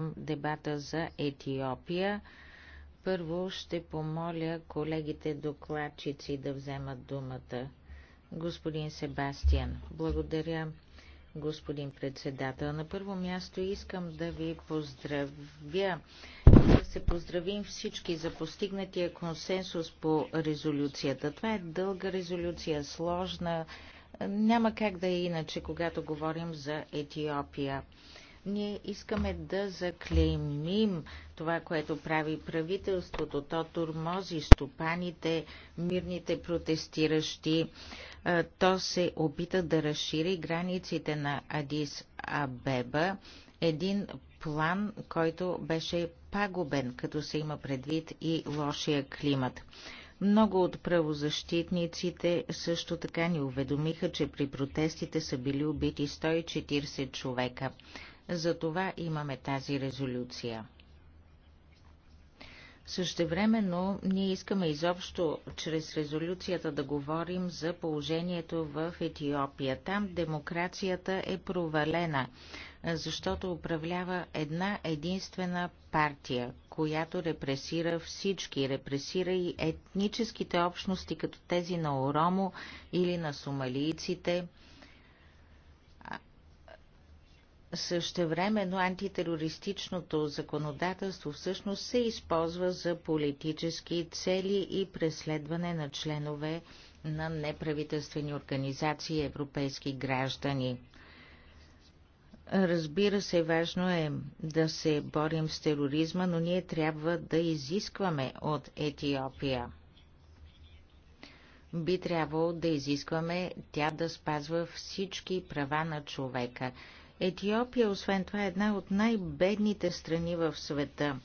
дебата за Етиопия. Първо ще помоля колегите докладчици да вземат думата. Господин Себастиан, благодаря, господин председател. На първо място искам да ви поздравя да се поздравим всички за постигнатия консенсус по резолюцията. Това е дълга резолюция, сложна. Няма как да е иначе, когато говорим за Етиопия. Ние искаме да заклеймим това, което прави правителството. То турмози стопаните, мирните протестиращи. То се опита да разшири границите на Адис Абеба. Един план, който беше пагубен, като се има предвид и лошия климат. Много от правозащитниците също така ни уведомиха, че при протестите са били убити 140 човека. Затова имаме тази резолюция. Същевременно ние искаме изобщо чрез резолюцията да говорим за положението в Етиопия. Там демокрацията е провалена, защото управлява една единствена партия, която репресира всички, репресира и етническите общности, като тези на Оромо или на сомалийците – Същевременно антитерористичното законодателство всъщност се използва за политически цели и преследване на членове на неправителствени организации и европейски граждани. Разбира се, важно е да се борим с тероризма, но ние трябва да изискваме от Етиопия. Би трябвало да изискваме тя да спазва всички права на човека. Етиопия, освен това, е една от най-бедните страни в света.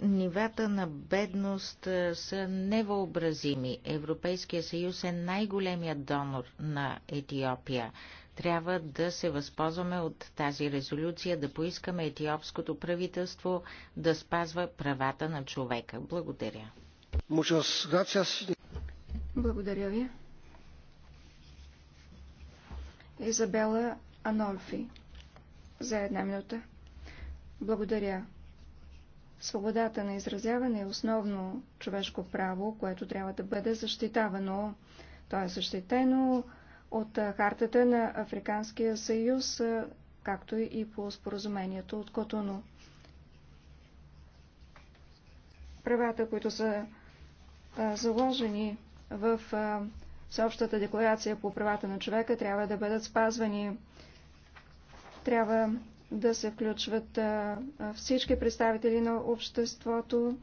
Нивата на бедност е, са невъобразими. Европейския съюз е най-големият донор на Етиопия. Трябва да се възползваме от тази резолюция, да поискаме етиопското правителство да спазва правата на човека. Благодаря. Благодаря ви. Изабела Анолфи. За една минута. Благодаря. Свободата на изразяване е основно човешко право, което трябва да бъде защитавано. То е защитено от хартата на Африканския съюз, както и по споразумението от Котоно. Правата, които са заложени в съобщата декларация по правата на човека, трябва да бъдат спазвани трябва да се включват всички представители на обществото,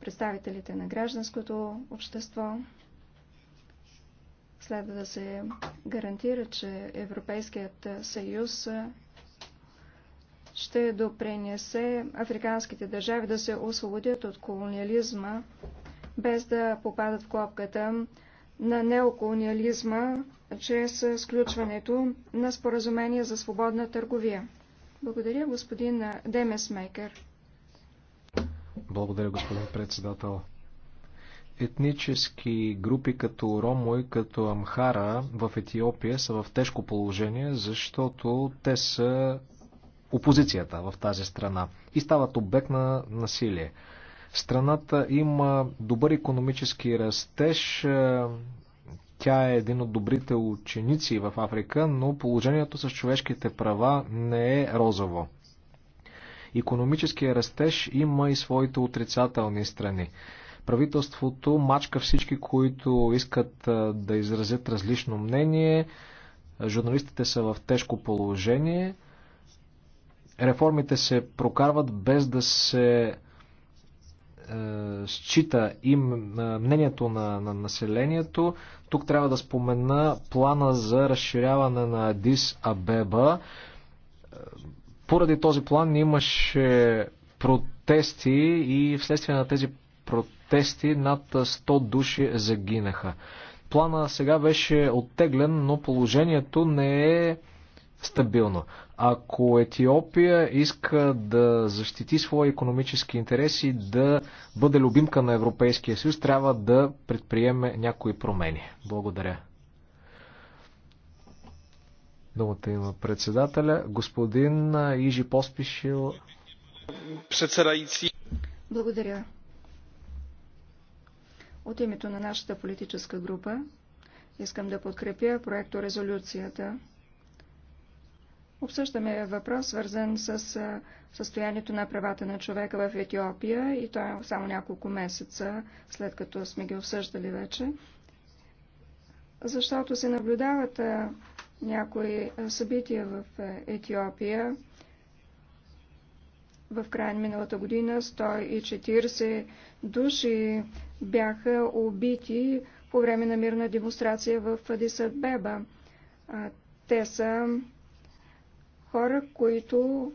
представителите на гражданското общество. Следва да се гарантира, че Европейският съюз ще допринесе африканските държави да се освободят от колониализма, без да попадат в клопката на неоколониализма чрез сключването на споразумение за свободна търговия. Благодаря, господин Демесмейкер. Благодаря, господин председател. Етнически групи като Ромо и като Амхара в Етиопия са в тежко положение, защото те са опозицията в тази страна и стават обект на насилие. Страната има добър економически растеж. Е, тя е един от добрите ученици в Африка, но положението с човешките права не е розово. Економическия растеж има и своите отрицателни страни. Правителството мачка всички, които искат е, да изразят различно мнение. Журналистите са в тежко положение. Реформите се прокарват без да се е, счита и е, мнението на, на населението. Тук трябва да спомена плана за разширяване на Адис Абеба. Е, поради този план имаше протести и вследствие на тези протести над 100 души загинаха. Плана сега беше оттеглен, но положението не е стабилно. Ако Етиопия иска да защити свои економически интереси, да бъде любимка на Европейския съюз, трябва да предприеме някои промени. Благодаря. Думата има председателя. Господин Ижи Поспишил. Председайци. Благодаря. От името на нашата политическа група искам да подкрепя проекто резолюцията Обсъждаме въпрос, свързан с състоянието на правата на човека в Етиопия и то е само няколко месеца, след като сме ги обсъждали вече, защото се наблюдават някои събития в Етиопия. В края на миналата година 140 души бяха убити по време на мирна демонстрация в Адисабеба. Те са хора, които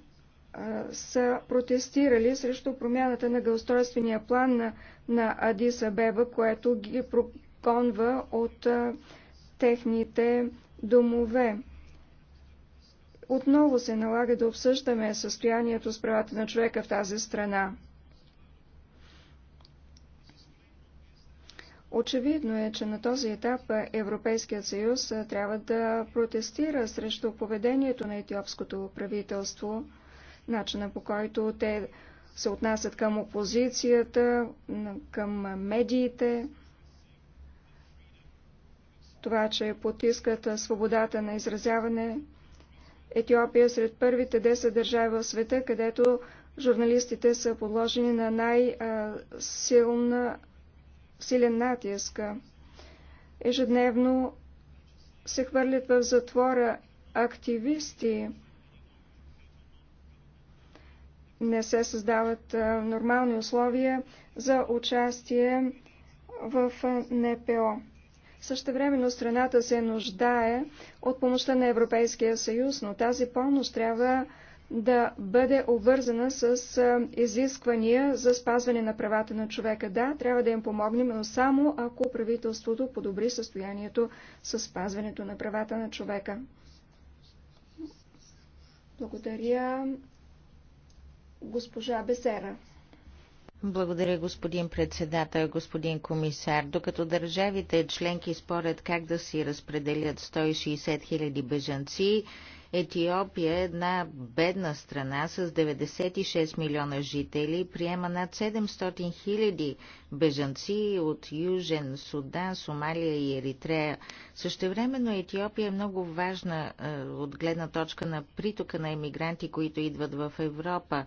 а, са протестирали срещу промяната на гъустройствения план на, на Адис Абеба, което ги прогонва от а, техните домове. Отново се налага да обсъждаме състоянието с правата на човека в тази страна. Очевидно е, че на този етап Европейският съюз трябва да протестира срещу поведението на етиопското правителство, начина по който те се отнасят към опозицията, към медиите, това, че потискат свободата на изразяване. Етиопия е сред първите 10 държави в света, където журналистите са подложени на най-силна силен натиск. Ежедневно се хвърлят в затвора активисти. Не се създават нормални условия за участие в НПО. Също времено страната се нуждае от помощта на Европейския съюз, но тази помощ трябва да бъде обвързана с изисквания за спазване на правата на човека. Да, трябва да им помогнем, но само ако правителството подобри състоянието с спазването на правата на човека. Благодаря госпожа Бесера. Благодаря, господин председател, господин комисар. Докато държавите членки спорят как да си разпределят 160 хиляди бежанци, Етиопия е една бедна страна с 96 милиона жители, приема над 700 хиляди бежанци от Южен Судан, Сомалия и Еритрея. Същевременно Етиопия е много важна е, от гледна точка на притока на емигранти, които идват в Европа.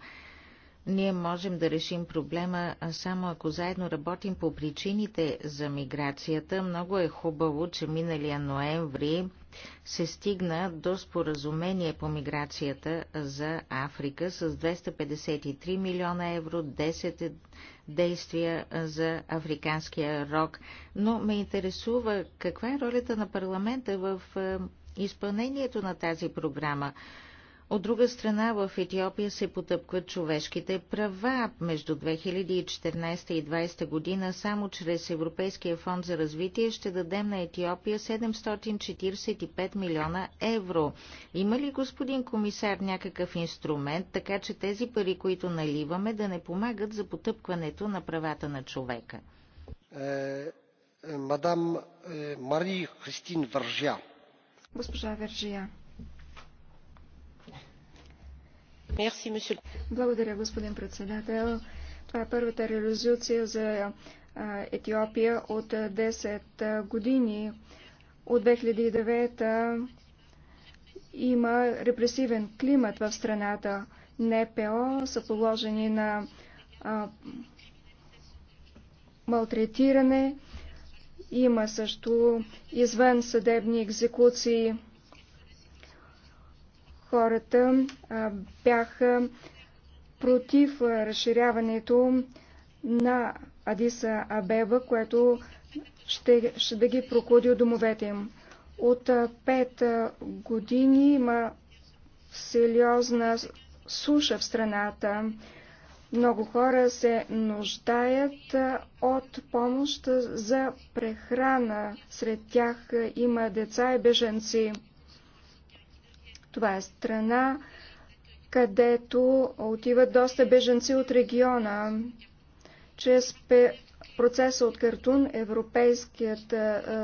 Ние можем да решим проблема само ако заедно работим по причините за миграцията. Много е хубаво, че миналия ноември се стигна до споразумение по миграцията за Африка с 253 милиона евро, 10 действия за африканския рок. Но ме интересува каква е ролята на парламента в е, изпълнението на тази програма. От друга страна, в Етиопия се потъпкват човешките права. Между 2014 и 2020 година само чрез Европейския фонд за развитие ще дадем на Етиопия 745 милиона евро. Има ли, господин комисар, някакъв инструмент, така че тези пари, които наливаме, да не помагат за потъпкването на правата на човека? Е, е, мадам е, Мари Христин Вържия. Госпожа Вържия. Благодаря, господин председател. Това е първата резолюция за Етиопия от 10 години. От 2009 има репресивен климат в страната. НПО са положени на а, малтретиране. Има също извън съдебни екзекуции хората бяха против разширяването на Адиса Абеба, което ще, ще да ги прокуди от домовете им. От пет години има сериозна суша в страната. Много хора се нуждаят от помощ за прехрана. Сред тях има деца и беженци. Това е страна, където отиват доста беженци от региона. Чрез процеса от Картун Европейският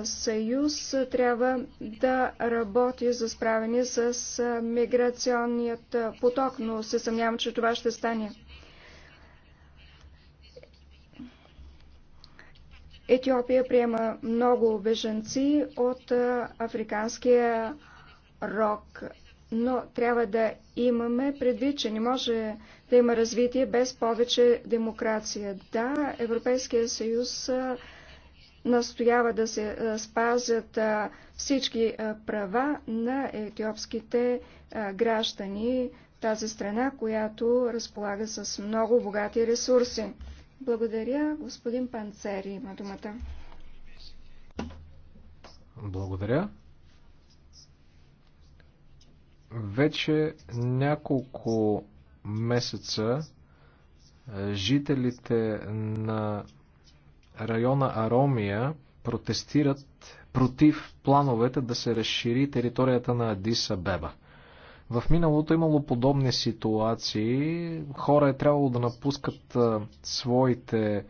съюз трябва да работи за справяне с миграционният поток, но се съмнявам, че това ще стане. Етиопия приема много беженци от африканския рок, но трябва да имаме предвид, че не може да има развитие без повече демокрация. Да, Европейския съюз настоява да се спазят всички права на етиопските граждани, тази страна, която разполага с много богати ресурси. Благодаря. Господин Панцери има думата. Благодаря. Вече няколко месеца е, жителите на района Аромия протестират против плановете да се разшири територията на Адиса Беба. В миналото имало подобни ситуации. Хора е трябвало да напускат е, своите е,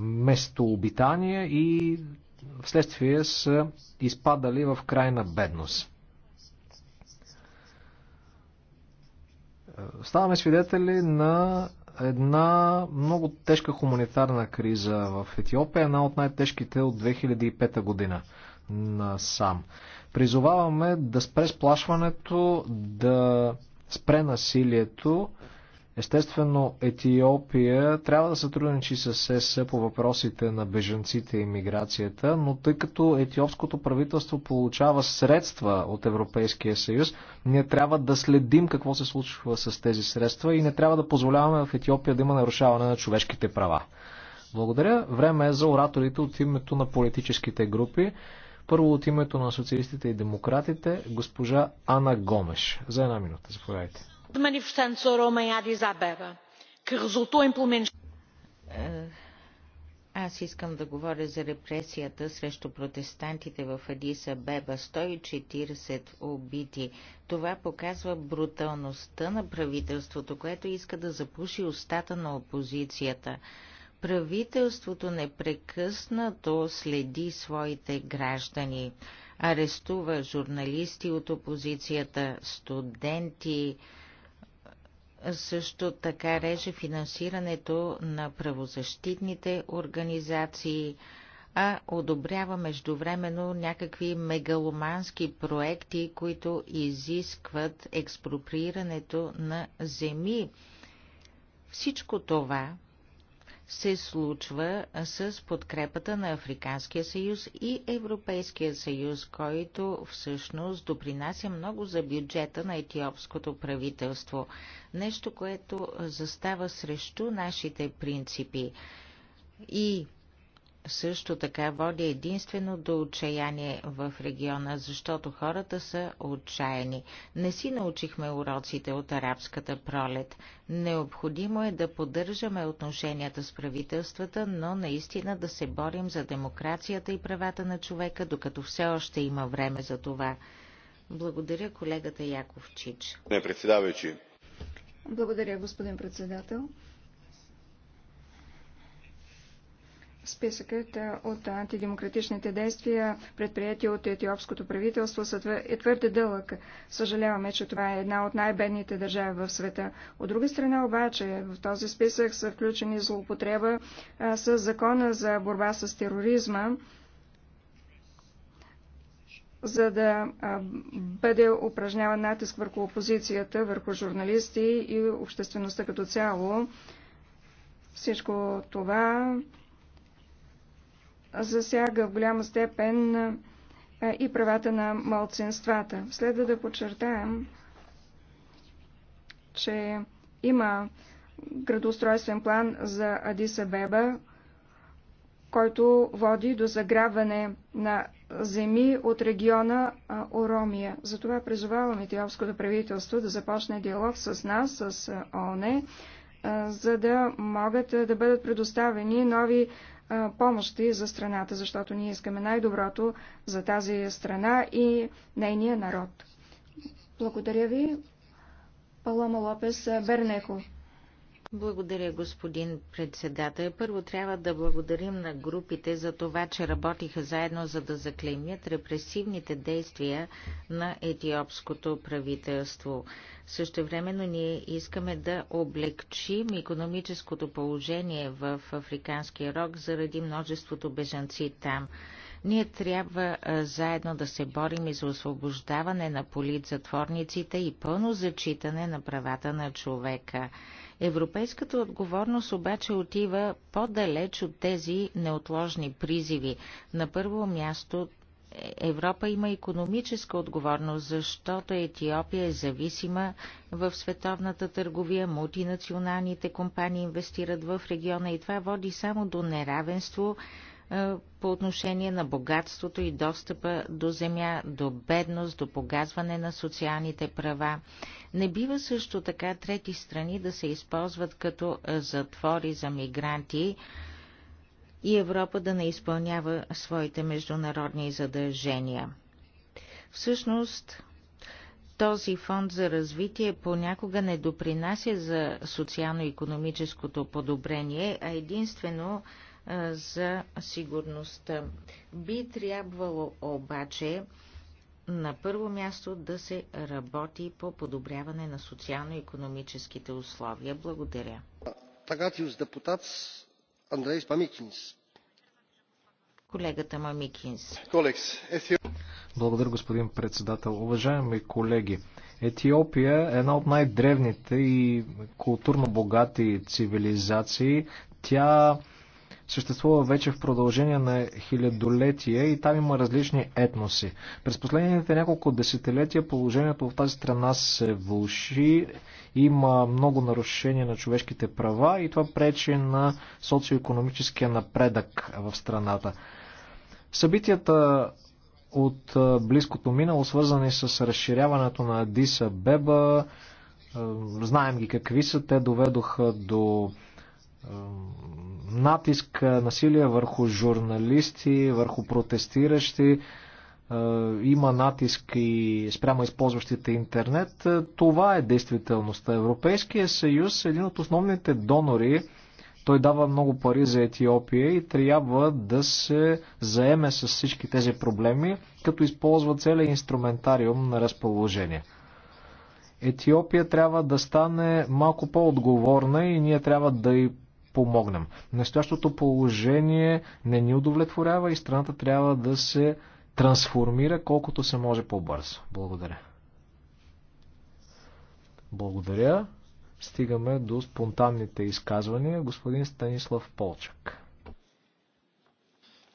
местообитания и вследствие са изпадали в крайна бедност. Ставаме свидетели на една много тежка хуманитарна криза в Етиопия, една от най-тежките от 2005 година на сам. Призоваваме да спре сплашването, да спре насилието Естествено, Етиопия трябва да сътрудничи с СС по въпросите на бежанците и миграцията, но тъй като етиопското правителство получава средства от Европейския съюз, ние трябва да следим какво се случва с тези средства и не трябва да позволяваме в Етиопия да има нарушаване на човешките права. Благодаря. Време е за ораторите от името на политическите групи. Първо от името на социалистите и демократите, госпожа Ана Гомеш. За една минута, заповядайте de manifestantes Oromo em addis abeba que resultou em pelo menos... Е, аз искам да говоря за репресията срещу протестантите в Адиса Беба. 140 убити. Това показва бруталността на правителството, което иска да запуши устата на опозицията. Правителството непрекъснато следи своите граждани. Арестува журналисти от опозицията, студенти, също така реже финансирането на правозащитните организации, а одобрява междувременно някакви мегаломански проекти, които изискват експроприирането на земи. Всичко това се случва с подкрепата на Африканския съюз и Европейския съюз, който всъщност допринася много за бюджета на етиопското правителство. Нещо, което застава срещу нашите принципи. И също така води единствено до отчаяние в региона, защото хората са отчаяни. Не си научихме уроците от арабската пролет. Необходимо е да поддържаме отношенията с правителствата, но наистина да се борим за демокрацията и правата на човека, докато все още има време за това. Благодаря колегата Яковчич. Не, председавайчи. Благодаря, господин председател. Списъкът от антидемократичните действия, предприяти от етиопското правителство, е твърде дълъг. Съжаляваме, че това е една от най-бедните държави в света. От друга страна обаче, в този списък са включени злоупотреба с закона за борба с тероризма, за да бъде упражняван натиск върху опозицията, върху журналисти и обществеността като цяло. Всичко това засяга в голяма степен и правата на малцинствата. Следва да подчертаем, че има градоустройствен план за Адиса Беба, който води до заграбване на земи от региона Оромия. Затова призовавам Етиопското правителство да започне диалог с нас, с ОНЕ, за да могат да бъдат предоставени нови помощи за страната, защото ние искаме най-доброто за тази страна и нейния народ. Благодаря ви. Палама Лопес Бернеко. Благодаря, господин председател. Първо трябва да благодарим на групите за това, че работиха заедно, за да заклеймят репресивните действия на етиопското правителство. времено ние искаме да облегчим економическото положение в Африканския рог заради множеството бежанци там. Ние трябва заедно да се борим и за освобождаване на политзатворниците и пълно зачитане на правата на човека. Европейската отговорност обаче отива по-далеч от тези неотложни призиви. На първо място е, Европа има економическа отговорност, защото Етиопия е зависима в световната търговия, мултинационалните компании инвестират в региона и това води само до неравенство е, по отношение на богатството и достъпа до земя, до бедност, до погазване на социалните права. Не бива също така трети страни да се използват като затвори за мигранти и Европа да не изпълнява своите международни задължения. Всъщност, този фонд за развитие понякога не допринася за социално-економическото подобрение, а единствено за сигурността. Би трябвало обаче на първо място да се работи по подобряване на социално-економическите условия. Благодаря. Колегата Мамикинс. Благодаря, господин председател. Уважаеми колеги, Етиопия е една от най-древните и културно богати цивилизации. Тя съществува вече в продължение на хилядолетия и там има различни етноси. През последните няколко десетилетия положението в тази страна се влуши, има много нарушения на човешките права и това пречи на социоекономическия напредък в страната. Събитията от близкото минало, свързани с разширяването на Адиса Беба, знаем ги какви са, те доведоха до натиск, насилие върху журналисти, върху протестиращи, има натиск и спрямо използващите интернет. Това е действителността. Европейския съюз е един от основните донори. Той дава много пари за Етиопия и трябва да се заеме с всички тези проблеми, като използва целият инструментариум на разположение. Етиопия трябва да стане малко по-отговорна и ние трябва да й помогнем. Настоящото положение не ни удовлетворява и страната трябва да се трансформира колкото се може по-бързо. Благодаря. Благодаря. Стигаме до спонтанните изказвания. Господин Станислав Полчак.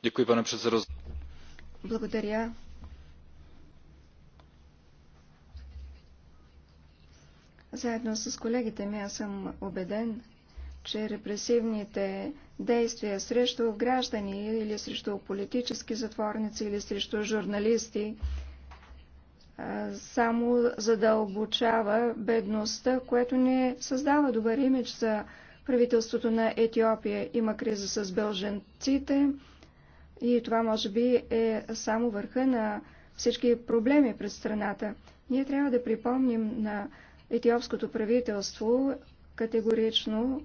Дякую, пане председател. Благодаря. Заедно с колегите ми аз съм убеден, че репресивните действия срещу граждани или срещу политически затворници или срещу журналисти само задълбочава бедността, което не създава добър имидж за правителството на Етиопия. Има криза с бълженците и това може би е само върха на всички проблеми пред страната. Ние трябва да припомним на етиопското правителство категорично,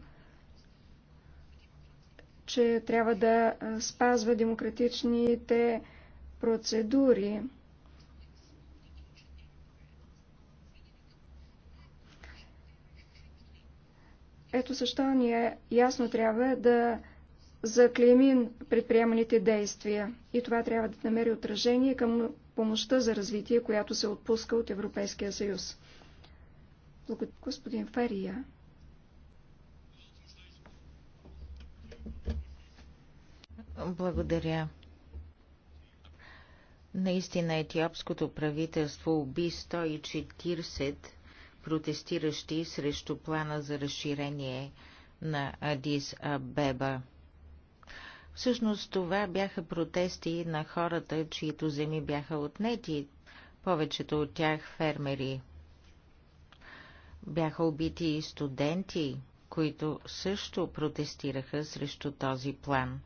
че трябва да спазва демократичните процедури. Ето защо ние ясно трябва да заклеймим предприеманите действия. И това трябва да намери отражение към помощта за развитие, която се отпуска от Европейския съюз. Благодаря, господин Фария. Благодаря. Наистина етиопското правителство уби 140 протестиращи срещу плана за разширение на Адис Абеба. Всъщност това бяха протести на хората, чието земи бяха отнети, повечето от тях фермери. Бяха убити и студенти, които също протестираха срещу този план.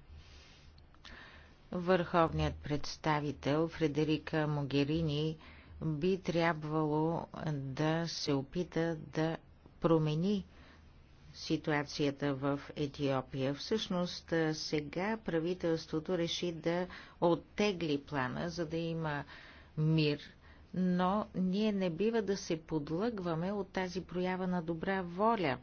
Върховният представител Фредерика Могерини би трябвало да се опита да промени ситуацията в Етиопия. Всъщност сега правителството реши да оттегли плана, за да има мир, но ние не бива да се подлъгваме от тази проява на добра воля.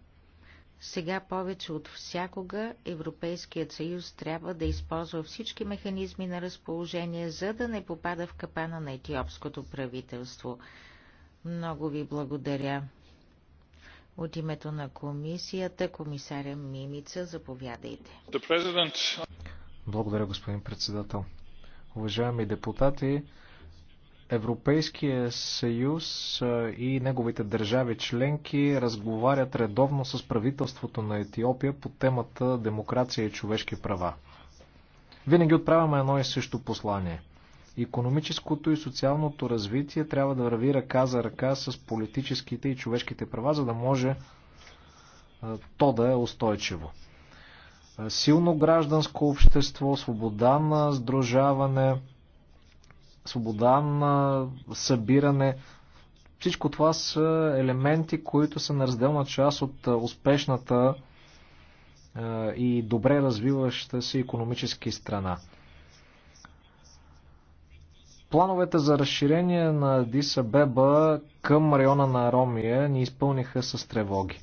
Сега повече от всякога Европейският съюз трябва да използва всички механизми на разположение, за да не попада в капана на етиопското правителство. Много ви благодаря. От името на комисията, комисаря Мимица, заповядайте. Благодаря, господин председател. Уважаеми депутати, Европейския съюз и неговите държави членки разговарят редовно с правителството на Етиопия по темата демокрация и човешки права. Винаги отправяме едно и също послание. Економическото и социалното развитие трябва да върви ръка за ръка с политическите и човешките права, за да може то да е устойчиво. Силно гражданско общество, свобода на сдружаване, свобода на събиране. Всичко това са елементи, които са неразделна част от успешната и добре развиваща се економически страна. Плановете за разширение на Дисабеба към района на Аромия ни изпълниха с тревоги.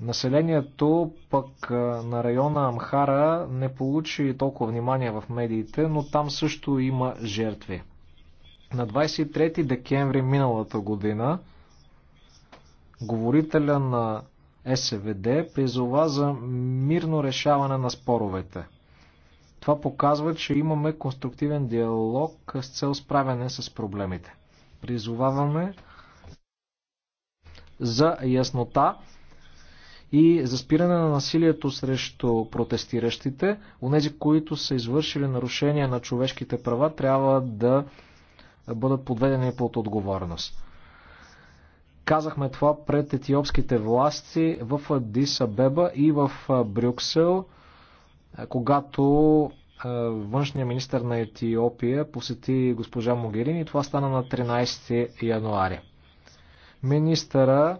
Населението пък на района Амхара не получи толкова внимание в медиите, но там също има жертви. На 23 декември миналата година говорителя на СВД призова за мирно решаване на споровете. Това показва, че имаме конструктивен диалог с цел справяне с проблемите. Призоваваме за яснота и за спиране на насилието срещу протестиращите. Онези, които са извършили нарушения на човешките права, трябва да бъдат подведени под отговорност. Казахме това пред етиопските власти в Адис Абеба и в Брюксел, когато външния министр на Етиопия посети госпожа Могерини. Това стана на 13 януаря. Министъра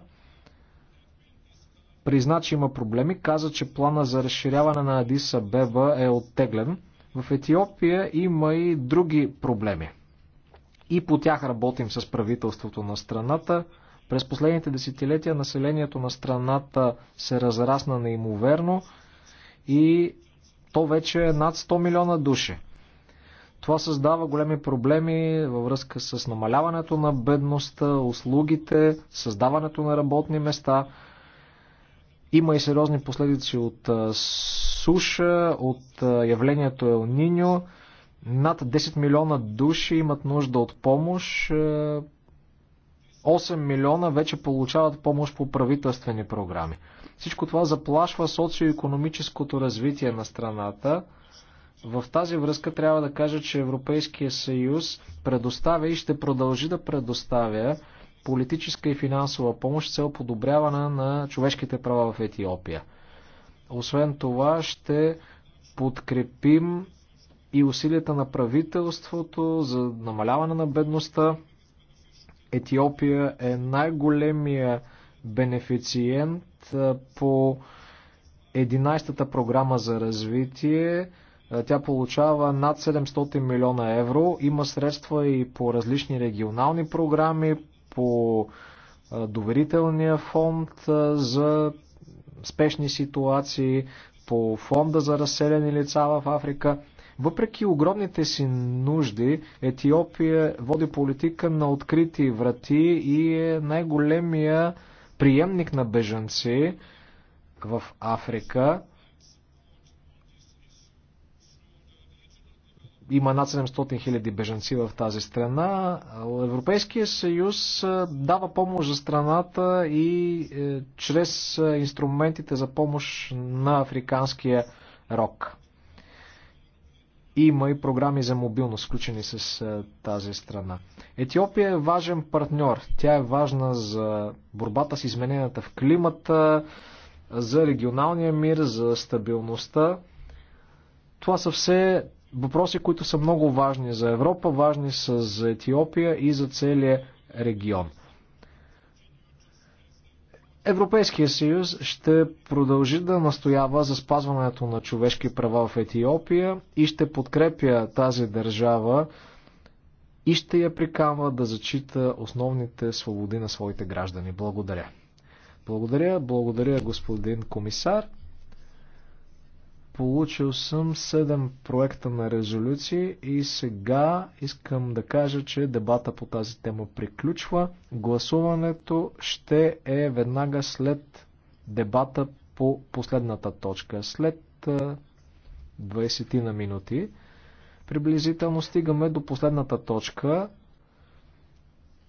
призна, че има проблеми, каза, че плана за разширяване на Адиса Беба е оттеглен. В Етиопия има и други проблеми. И по тях работим с правителството на страната. През последните десетилетия населението на страната се разрасна неимоверно и то вече е над 100 милиона души. Това създава големи проблеми във връзка с намаляването на бедността, услугите, създаването на работни места. Има и сериозни последици от суша, от явлението Ел Ниньо. Над 10 милиона души имат нужда от помощ. 8 милиона вече получават помощ по правителствени програми. Всичко това заплашва социо-економическото развитие на страната. В тази връзка трябва да кажа, че Европейския съюз предоставя и ще продължи да предоставя политическа и финансова помощ цел подобряване на човешките права в Етиопия. Освен това ще подкрепим и усилията на правителството за намаляване на бедността. Етиопия е най-големия бенефициент по 11-та програма за развитие. Тя получава над 700 милиона евро. Има средства и по различни регионални програми, по доверителния фонд за спешни ситуации, по фонда за разселени лица в Африка. Въпреки огромните си нужди, Етиопия води политика на открити врати и е най-големия приемник на бежанци в Африка. има над 700 хиляди бежанци в тази страна. Европейския съюз дава помощ за страната и е, чрез инструментите за помощ на африканския рок. Има и програми за мобилност, включени с тази страна. Етиопия е важен партньор. Тя е важна за борбата с измененията в климата, за регионалния мир, за стабилността. Това са все въпроси, които са много важни за Европа, важни са за Етиопия и за целия регион. Европейския съюз ще продължи да настоява за спазването на човешки права в Етиопия и ще подкрепя тази държава и ще я приканва да зачита основните свободи на своите граждани. Благодаря. Благодаря, благодаря господин комисар. Получил съм 7 проекта на резолюции и сега искам да кажа, че дебата по тази тема приключва. Гласуването ще е веднага след дебата по последната точка. След 20 на минути приблизително стигаме до последната точка.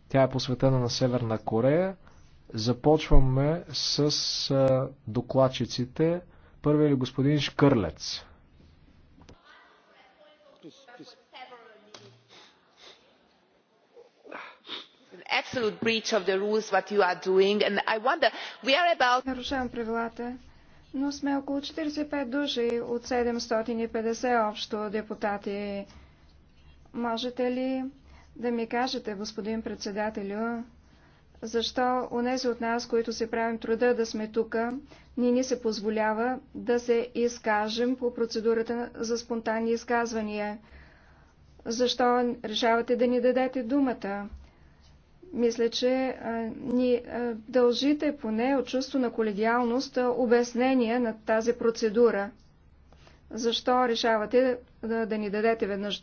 Тя е посветена на Северна Корея. Започваме с докладчиците. Първи е господин Шкърлец. absolute breach of the rules what you are doing and I wonder we Нарушавам правилата, но сме около 45 души от 750 общо депутати. Можете ли да ми кажете, господин председателю, защо онези от нас, които се правим труда да сме тук, ни ни се позволява да се изкажем по процедурата за спонтанни изказвания. Защо решавате да ни дадете думата? Мисля, че а, ни а, дължите поне от чувство на колегиалност а, обяснение на тази процедура. Защо решавате да, да ни дадете веднъж